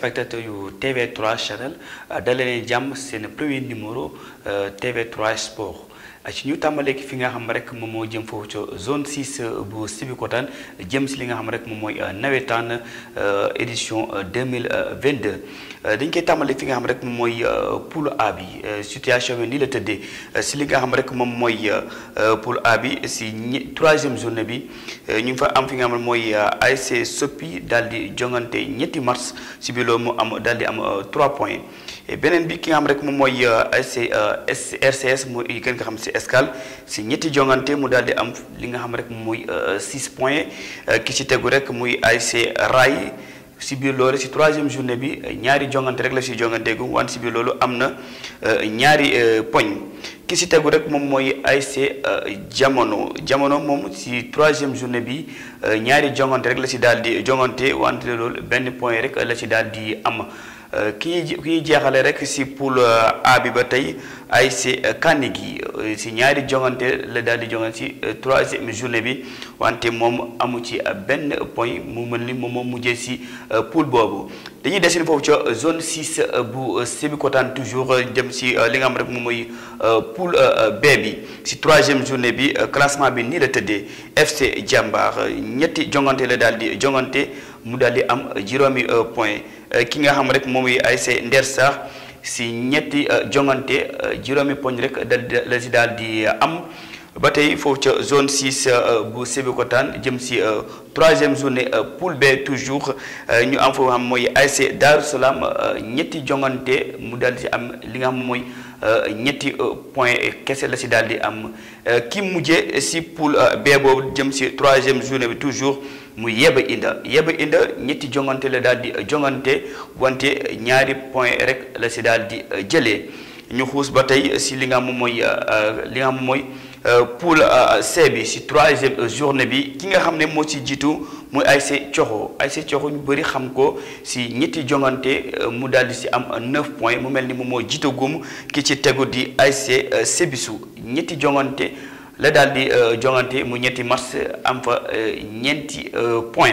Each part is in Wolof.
téléspectateurs yu TV3 Channel dalee leen jàmm seen premier numéro euh, TV3 Sport. ci ñu tàmbalee tàmbaleeg fi nga xam rek moom moo jëm foofu ca zone 6 euh, bu Sibikotaan jëm si li nga xam rek moom mooy euh, nawetaan euh, édition 2022 dañ koy tàmbaleeg fi nga xam rek moom mooy poule A bi situation bi nii la tëddee si li xam rek moom mooy poule A bi si troisième journée bi ñu fa am fi nga xam ne mooy ASC Sopi daal di jongante ñetti mars si biir mu am daal di am trois points. beneen bi ki nga xam rek moom mooy RCS mu gën nga xam si Escale si ñetti jongante mu daal di am li nga xam rek moom mooy 6 euh, points euh, ki si tegu rek muy ASC Rail si biir loolu si troisième journée bi ñaari jongante rek la si jonganteegu wan si biir loolu am na euh, ñaari poñ ki si tegu rek moom mooy ay ASC jamono jamono moom si troisième journée bi ñaari jongante rek la si daal di jongante wante loolu benn point rek la si daal di am. qui euh, qui ki ñuy pour rek si euh, ay euh, ASC Kanigi euh, si ñaari jongante la daal di jongante si euh, troisième journée bi wante moom amu ci benn point mu mel ni moom mujjee si poule boobu dañuy dessin foofu ca zone 6 bu Sébikotane toujours jëm si li nga xam rek moom mooy poule B bi si troisième journée bi classement bi nii la tëddee FC Jàmbaar ñetti jongante la daal di jongante mu daal di am juróomi point ki nga xam rek moom ay ASC Nder sax si ñetti euh, jongante euh, juróomi poñ rek la si daal di euh, am ba tey foofu ca zone 6 bu Sébikotane jëm si troisième journée poule B toujours ñu am foofu xam mooy ASC Darou Salam ñetti jongante mu daal di am li nga xam mooy ñetti point kese la si daal di am ki mujje si poule B boobu jëm si troisième journée bi toujours. mu yeba inda yeba inda ñetti jongante la daal di jongante wante ñaari point rek la si daal di jëlee ñu xuus ba tey si li nga moom mooy li nga moom mooy poule C bi si troisième journée bi ki nga xam ne moo si jiitu muy ASC Coxo ASC Coxo ñu bëri xam ko si ñetti jongante mu daal di si am 9 points mu mel ni moom moo jiitagum ki ci tegu di ASC Sébisu ñetti jongante. la daal di euh, jongante mu ñetti match am fa euh, ñeenti euh, point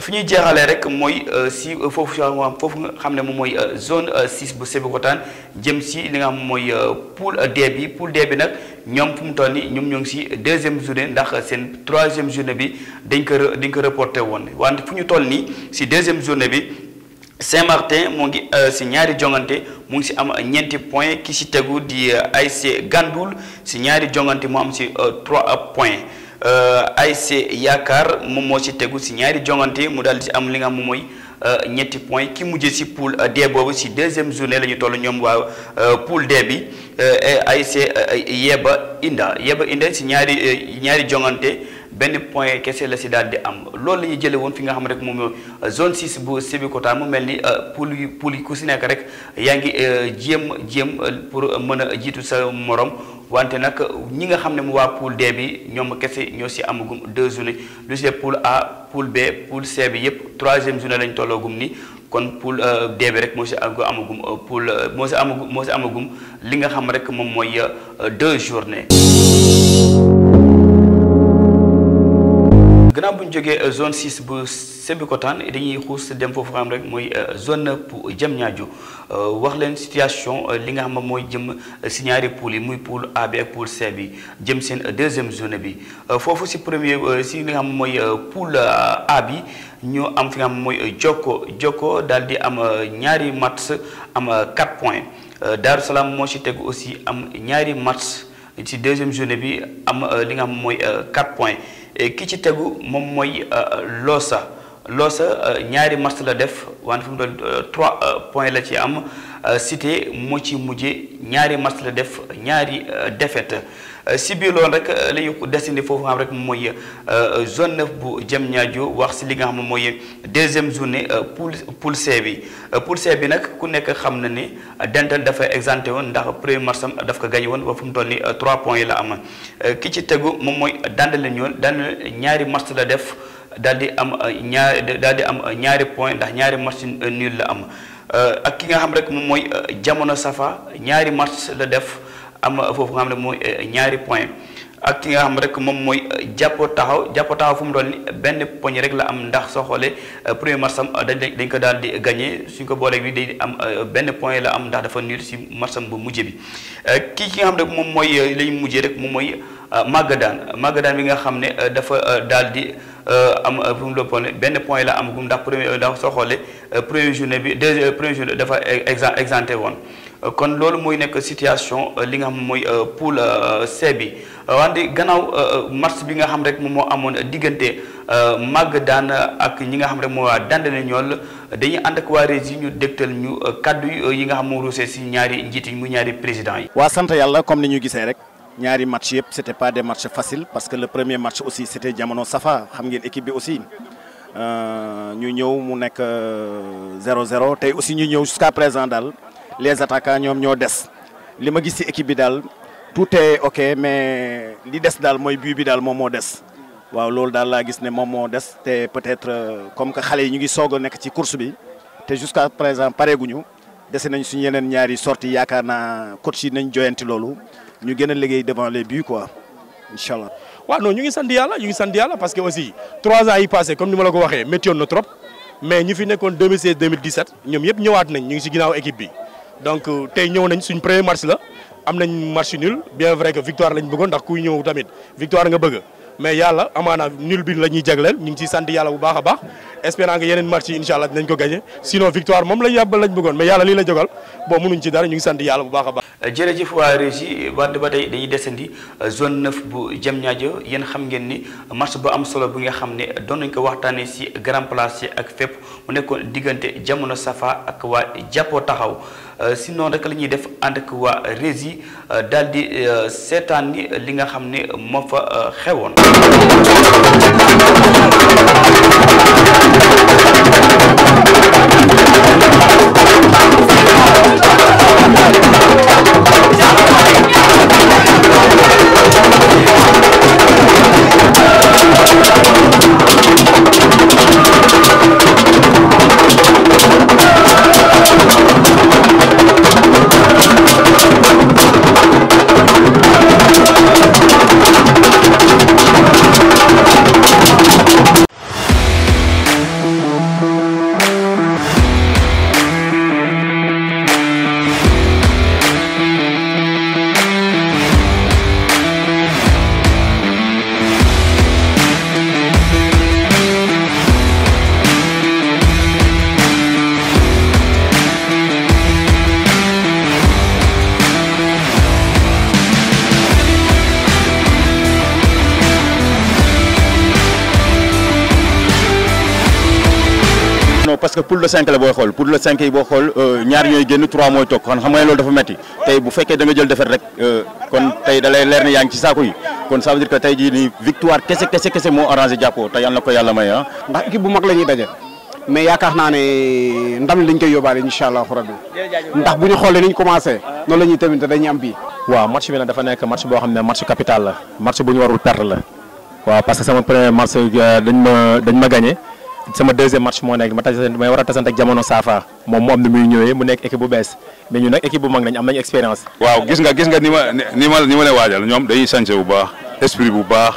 fi ñuy jeexalee rek mooy euh, si euh, foofu foofu nga xam ne moom mooy euh, zone 6 bu Sébikotane jëm si li nga xam mooy poule D bi poule D bi nag ñoom fu mu toll nii ñoom ñoo ngi si deuxième journée ndax seen troisième journée bi dañ ko dañ ko reporté woon wante fu ñu toll nii si deuxième journée bi Saint-Martin mu ngi si ñaari jongante mu ngi si am ñeenti point ki si tegu di ay ASC Gandoul si ñaari jongante mu am si trois points. ay euh, ASC yaakaar moom moo ci tegu si ñaari jongante mu daal di si am li nga xam moom mooy euh, ñetti point ki mujj si poul D boobu si deuxième journée la ñu toll ñoom waaw euh, poul D bi ay ASC Yeba Inda Yeba Inda si ñaari ñaari jongante. benn point kese la si daal di am loolu la ñuy jëlee woon fi nga xam rek moom euh, zone 6 bu Sébikotane mu mel ni euh, poul yi poul yi ku si nekk rek yaa ngi euh, jéem jéem pour mën a jiitu sa morom. wante nag ñi nga xam ne mu waa poule D bi ñoom kese ñoo si amagum deux journées lu si poule A poul B poule C bi yëpp troisième journée lañ tolloogum ni kon poul D bi rek moo si amagum poule moo si amagum moo si amagum li nga xam rek moom mooy deux journées. gannaaw bu ñu jógee euh, zone 6 bu Sébikotane dañuy xuus dem foofu xam rek mooy euh, zone bu Diamniadio euh, wax leen situation li nga xam mooy jëm si ñaari poule yi muy poule A bi ak poule C bi jëm seen deuxième zone bi foofu si premier si li nga xam mooy poul A bi ñu am fi nga xam mooy Jokko Jokko daal di am ñaari match am 4 points Darou moo si tegu aussi am ñaari match. ci deuxième journée bi am euh, li nga xam mooy 4 euh, points ki ci tegu moom mooy euh, Losa. Losa ñaari match la def waan fi mu trois points la ci am Cité moo ci mujjee ñaari match la def ñaari défaite si biir loolu rek li ñu desandi foofu xam rek mooy zone neuf bu Diamniadio wax si li nga xam mooy deuxième journée poule poule C bi poule C bi nag ku nekk xam na ni Dental dafa exempté woon ndax premier mars am daf ko gagné woon ba fu mu toll nii trois points yi la am ki ci tegu moom mooy dandale ñoon dandale ñaari match la def. daal di am euh, ñaar daal di am euh, ñaari point ndax ñaari match nul la am euh, ak ki nga xam rek moom mooy jamono safa ñaari match la def am foofu nga xam ne mooy ñaari point ak ki nga xam rek moom mooy jàppo taxaw jàppo taxaw fu mu doon ni benn poñ rek la am ndax xoolee premier match am dañ dañ ko daal di gagné suñ ko booleeg ni day am benn point la am ndax dafa nul si match am bu mujj bi kii ki xam rek moom mooy lañ mujjee rek moom mooy màggadaan màggadaan bi nga xam ne dafa daal di Euh, euh, am fu mu la benn point la amagum ndax premier euh, ndax soo xoolee première journée bi de première journée dafa e, exempté woon kon loolu mooy nekk situation li nga xam mooy poule C bi wante gannaaw match bi nga xam rek moom moo amoon diggante Magadan ak ñi nga xam rek moo waa Dendene Niol dañuy ànd ak waa Rési ñu dégtal ñu kaddu yi nga xam moo ruusee si ñaari njiit yi mu ñaari président yi. waa sant yàlla comme ni ñu gisee rek. ñaari match yëpp c'était pas des matchs faciles parce que le premier match aussi c'était diamono Safa xam ngeen équipe bi aussi euh, ñu ñëw mu nek 0-0 Té aussi ñu ñëw jusqu'à présent dal les attaquants ñom ñoo des li ma gis ci équipe bi dal tout est ok mais li dess dal moy but bi dal moom moo des waaw lool dal la gis ne moom moo des te peut-être euh, comme que xalé ñu ngi sogo nek ci course bi té jusqu'à présent guñu dessé nañ suñu yenen ñaari sorti yaakaarna coach yi nañ joyanti loolu ñu gagnons liggéey devant les buts quoi incha allah. non ñu ngi sant yàlla ñu ngi sant yàlla parce que aussi trois ans yi passé comme nous ma la ko waxee méttiwoon na trop mais nous fi nekkoon 2016 2017 ñoom yëpp ñëwaat nañ ñu ngi si équipe bi. donc euh, tey ñëw nañ suñ premier match la am une match nul bien vrai que victoire lañ bëggoon ndax kuy ñëw tamit victoire nga bëgg mais yalla amana nul bin la ñuy jagleel ñu ngi ciy sant yalla bu baaxa baax espérant que yeneen match inshallah incha allah dinañ ko gagner sinon victoire mom la yàbbal lañ bëggone mais yalla li la jógal bon mënuñ ci dara ñu ngi sant yalla bu baaxa baax. jërëjëf waa régie ba ba tey dañuy desandi euh, zone 9 bu Diamniadio yéen xam ngeen ni match bu am solo bi nga xam ne doon nañ ko waxtaanee ci grand place yi ak fépp mu nekkoon diggante jamono safa ak waa jàppoo taxaw euh, si noonu rek la ñuy def ànd ak waa régie euh, daal di seetaan ni li nga xam ne moo fa xewoon. parce que poule de cinq la booy xool poule de cinq yi boo xool euh, ñaar ñooy génn trois mooy toog kon xam nga ne loolu dafa metti tey bu fekkee da jël defet rek euh, kon tey da leer ni yaa ci saako yi kon ça veut dire que tey jii nii victoire kese kese moo arrangé jàppoo te yàlla na ko yàlla may ah. ndax équipe bu mag la ñuy daje mais yaakaar naa ne ndam li dañ koy yóbbaale incha allahu rabbi ndax bu ñu xoolee ni ñu commencé noonu la ñuy tamit dañuy am bii. waaw match bi nag dafa nekk match boo xam ne match capital la match bu euh, ma sama deuxième match moo nekk ma tasante may war a tasante ak jamono saafa moom mu am na muy ñëwee mu nekk équipe bu bees mais ñu nag équipe bu mag nañ am nañ expérience. waaw gis nga gis nga ni ma ni ma ni ma leen waajal ñoom dañuy sañse bu baax esprit bu baax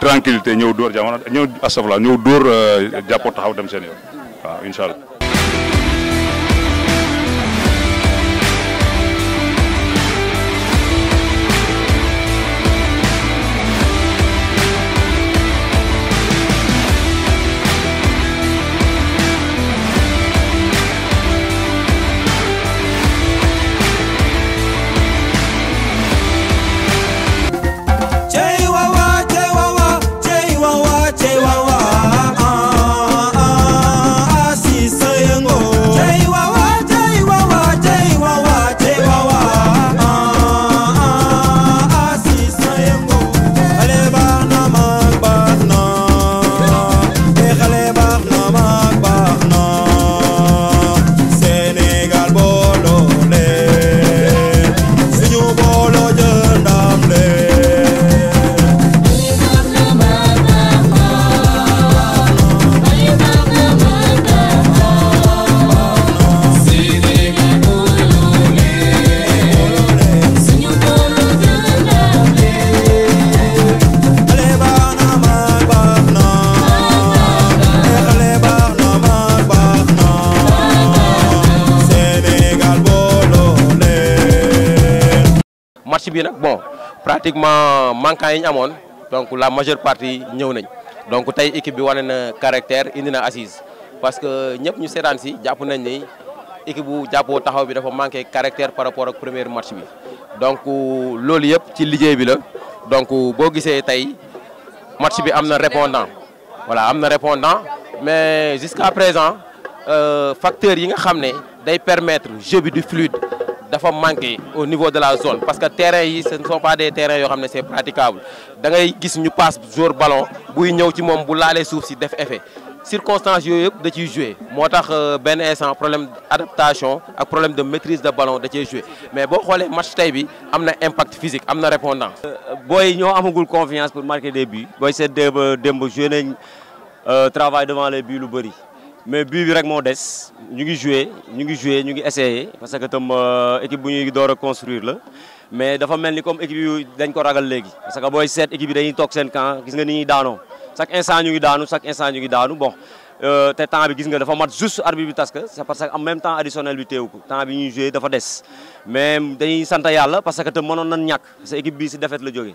tranquillité ñëw dóor jamono ñëw astafurlah ñëw dóor euh, jàppoo taxaw dem seen yoon waaw incha allah. pratiquement manquants yi donc la majeure partie donc équipe caractère assise parce que nous ñu caractère par rapport au premier match donc donc match répondant voilà répondant mais jusqu'à présent euh, facteur yi nga permettre jeu du fluide dafa manqué au niveau de la zone parce que les terrains ce ne sont pas des terrains yoo xam c'est praticable da ngay ñu passe joueur ballon buy ñëw ci qui bu laalee suuf si def effet circonstances de jouer. da ciy que moo euh, Ben un problème d'adaptation un problème de maîtrise de ballon Mais ciy jouer mais boo match tey bi un impact physique une na répondant nous euh, avons amagul confiance pour marquer des buts vous seet de démb jouer euh, travail devant les buts mais but bi rek mo dess ñu ngi jouer ñu ngi jouer ñu ngi essayer parce que tam euh, équipe bu ñuy door construire la mais dafa melni comme équipe yu dañ ko ragal légui parce que boy set équipe bi dañuy tok sen camp gis nga ni ñuy daano chaque instant ñu ngi daanu chaque instant ñu ngi daanu bon euh té temps bi gis nga dafa mat juste arbitre bi tas que c'est parce que en même temps additionnel bi téwuko temps bi ñuy jouer dafa dess mais dañuy sante yalla parce que tam mënoon nañ ñak c'est équipe bi si défaite la jógee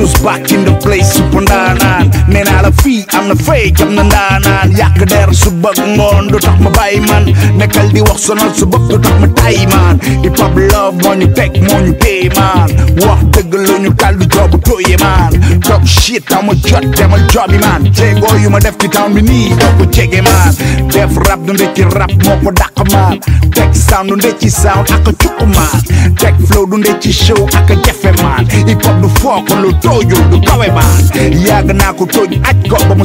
Jesus back in the place upon that nine. Man, na fay cam na ndaanaan yàq ya, der su bëgg ngoon du tax ma bàyyi man nekkal di wax sonal su bëgg du tax ma tay maan hip love money ñu money moo ñu téye maan wax dëgg lu ñu tal du joobu tóoye maan toog shit ama jot demal joobi man. jéegoo yu ma def ci town bi nii ko jege maan def rap du ndëcci rap moo ko dàq Tek sound du ndëcci sound ak a cukk maan teg flow du ndëcci show ak a man. maan hip hop du fook lu toyo du kawe man. yàgg naa ko tóoj aj ko ba mu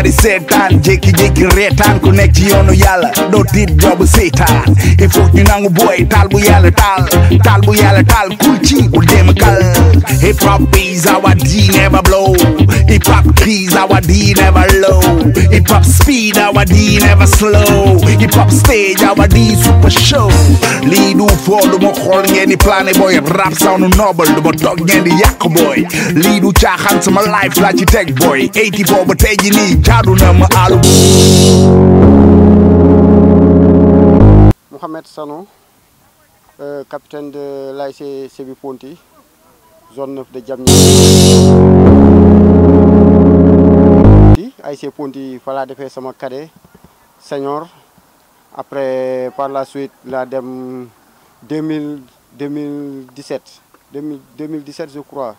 bari seetaan jékki-jékki reetaan ku nekk ci yoonu yàlla doo tiit jobu seytaan il faut ñu nangu booy taal bu yàlla taal taal bu yàlla taal kul ci bu dem kal hip hop is our D never blow hip hop keys our D never low Hip hop speed, our D never slow. Hip hop stage, our D super show. Lead for the mohol ngeni planet boy. Rap sound noble, the dog ngeni yak boy. Lead u chahan sama life like you tech boy. 84 but tay ni jaadu na ma alu. Mohamed Sanu, euh, capitaine de l'AIC Sebi Ponti, zone 9 de Djamni. Ponty il Ponty de faire defee sama cadet senior après par la suite la dem 2017 2017 je crois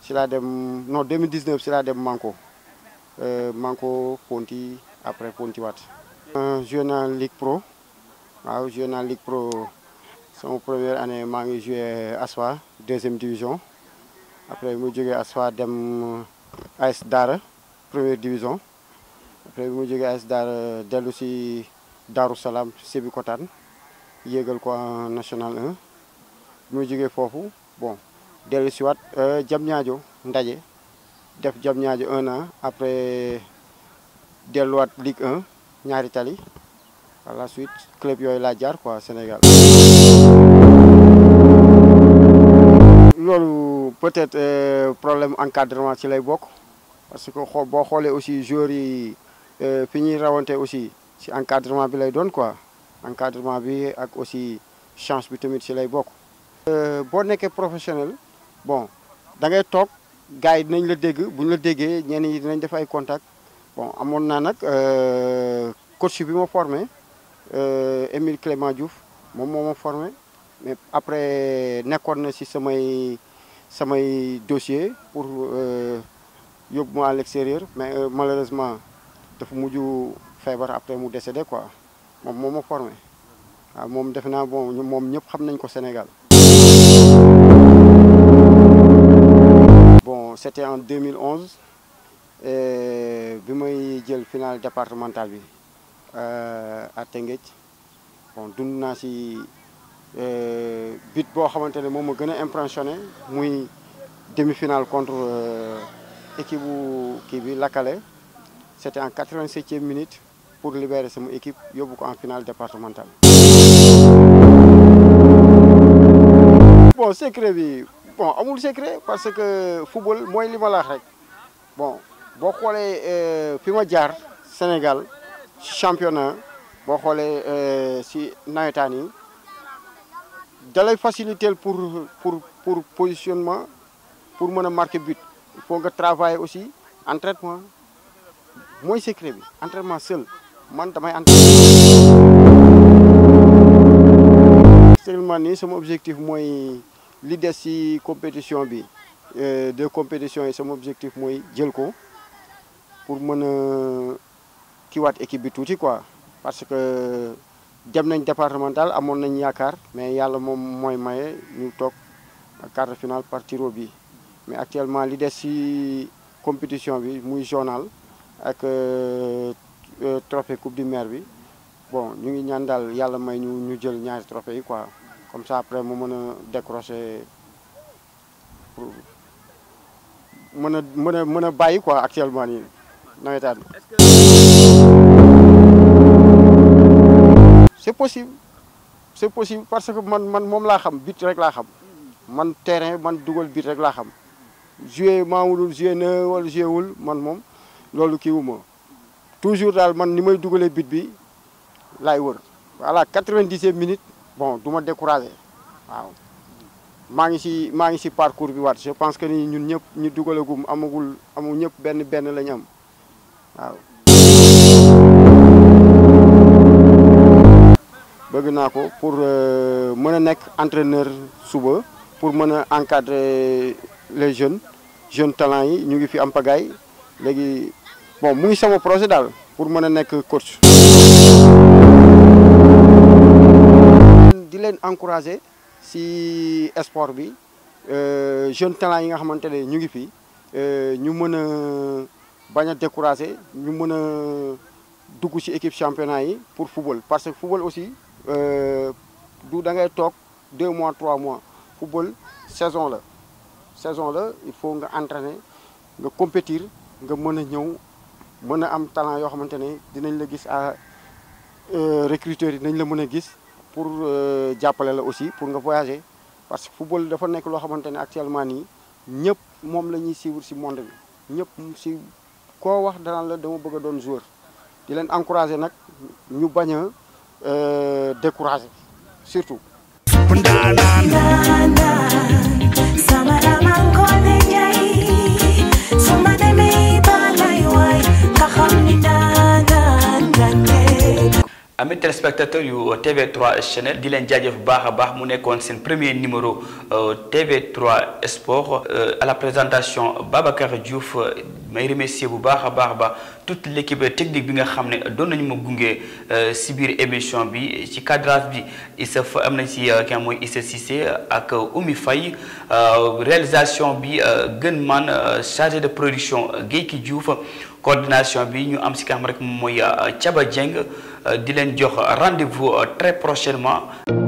c'est la dem non 2019 c'est la dem Manco. Euh, Manco, Ponty après Ponty je suis en Ligue Pro je suis en Ligue Pro c'est mon première année je joue joué Soa deuxième division après je joue à Soa dem AS Dara. première division après bi ma jógee AS Daara dellu si Daaru Salaam Sébikotane yéegal ko en national 1 bi ma jógee foofu bon dellu si waat euh, Diamniadio ndaje def Diamniadio un an après delluwaat Ligue 1 ñaari tali par la suite club yooyu laa jaar quoi Sénégal. loolu peut-être euh, problème encadrement ci lay bokk. parce que xoo boo xoolee aussi joueurs yi euh, fi ñuy rawante aussi ci encadrement bi lay doon quoi encadrement bi ak aussi chance bi tamit ci lay bok euh bo nekkee professionnel bon da ngay tok gaay dinañ la dégg buñ la déggé ñenn ñi dinañ def ay contact bon amon na nak euh coach bi mo formé euh Émile Clément Diouf mom moo formé mais après nekkoon na ci samay samay dossier pour. euh, yóbbu ma à l'extérieur mais euh, malheureusement dafa muju feebar après mu décédé quoi mom moo formé waaw moom defe naa bon mom ñep xam nañ ko Sénégal. bon c'était en 2011 bi may jël finale départementale bi euh, à Tëngéej bon dund na ci euh but bo ne moma gëna impressionné muy demi-finale contre. euh, équipe qui la Calais, c'était en 87e minute pour libérer cette équipe ko en finale départementale. bon secret bi bon le secret parce que football mooy li la rek bon boo xoolee euh, fi Sénégal championnat boo xoolee si euh, nawetaan yi facilité faciliter pour pour pour positionnement pour me marquer marquer but. il faut nga travailler aussi entraînement mooy secret bi entraînement seul man damay entraînement. actuellement sama objectif moy li des ci compétition bi euh, deux compétitions yi sama objectif moy jël ko pour mën a kiiwaat équipe bi tuuti quoi parce que. dem nañ départemental amoon nañ yaakaar mais yàlla moom mooy maye ñu toog quart de finale bi mais actuellement li des ci compétition bi muy journal ak euh, euh, trophée coupe du maire bi bon ñu ngi ñaan daal yàlla may ñu ñu jël ñaari trophée yi quoi comme ça après mu mën a décrocher pour mën a mën quoi actuellement nii nawetaan c'est possible c'est possible parce que man man mom laa xam bit rek laa xam man terrain man dugal bit rek laa xam joué maamulul joué na wala joué wul man moom loolu kii wu toujours daal man ni may dugalee bit bi laay wër voilà 90e minute bon du ma découragé waaw maa ngi si maa si parcours bi waat je pense que ni ñun ñëpp ñu dugalagum amagul amul ñëpp benn benn la ñu am waaw. bëgg naa ko pour euh, mën a entraîneur suba pour mën encadrer les jeunes jeunes talents nous ñu ngi fi am bon mu ngi sama projet pour mener a course. coach. di leen encourager ci sport euh, jeunes talents yi nga xamante Nous ñu ngi fi euh, ñu décourager ñu équipe championnat pour pour football parce que le football aussi euh, du da ngay deux mois trois mois football saison là. saison la il faut nga entraîner nga compétir nga mën a ñëw mën a am talent yoo xamante ne dinañ la gis à euh, recruteurs yi nañ la mën a gis pour euh, jàppale la aussi pour nga voyager parce que football dafa nekk loo xamante ne actuellement nii ñëpp moom la ñuy suivre ci monde bi ñëpp ci koo wax danaan la dama bëgg doon joueur di leen encourager nag ñu bañ a euh, décourager surtout. Mes téléspectateurs du euh, TV3 Channel Dylan Djadjev Barabar, bu mon son premier numéro euh, TV3 Sport euh, à la présentation Babacar Diouf may remercier bu baax toute l'équipe technique bi nga xam ne doon nañu Sibir gunge si émission bi ci cadre bi Issa am réalisation bi Gunman, chargé de production Geki Diouf coordination bi ñu am ci kam rek moy euh, Thiaba euh, di rendez-vous euh, très prochainement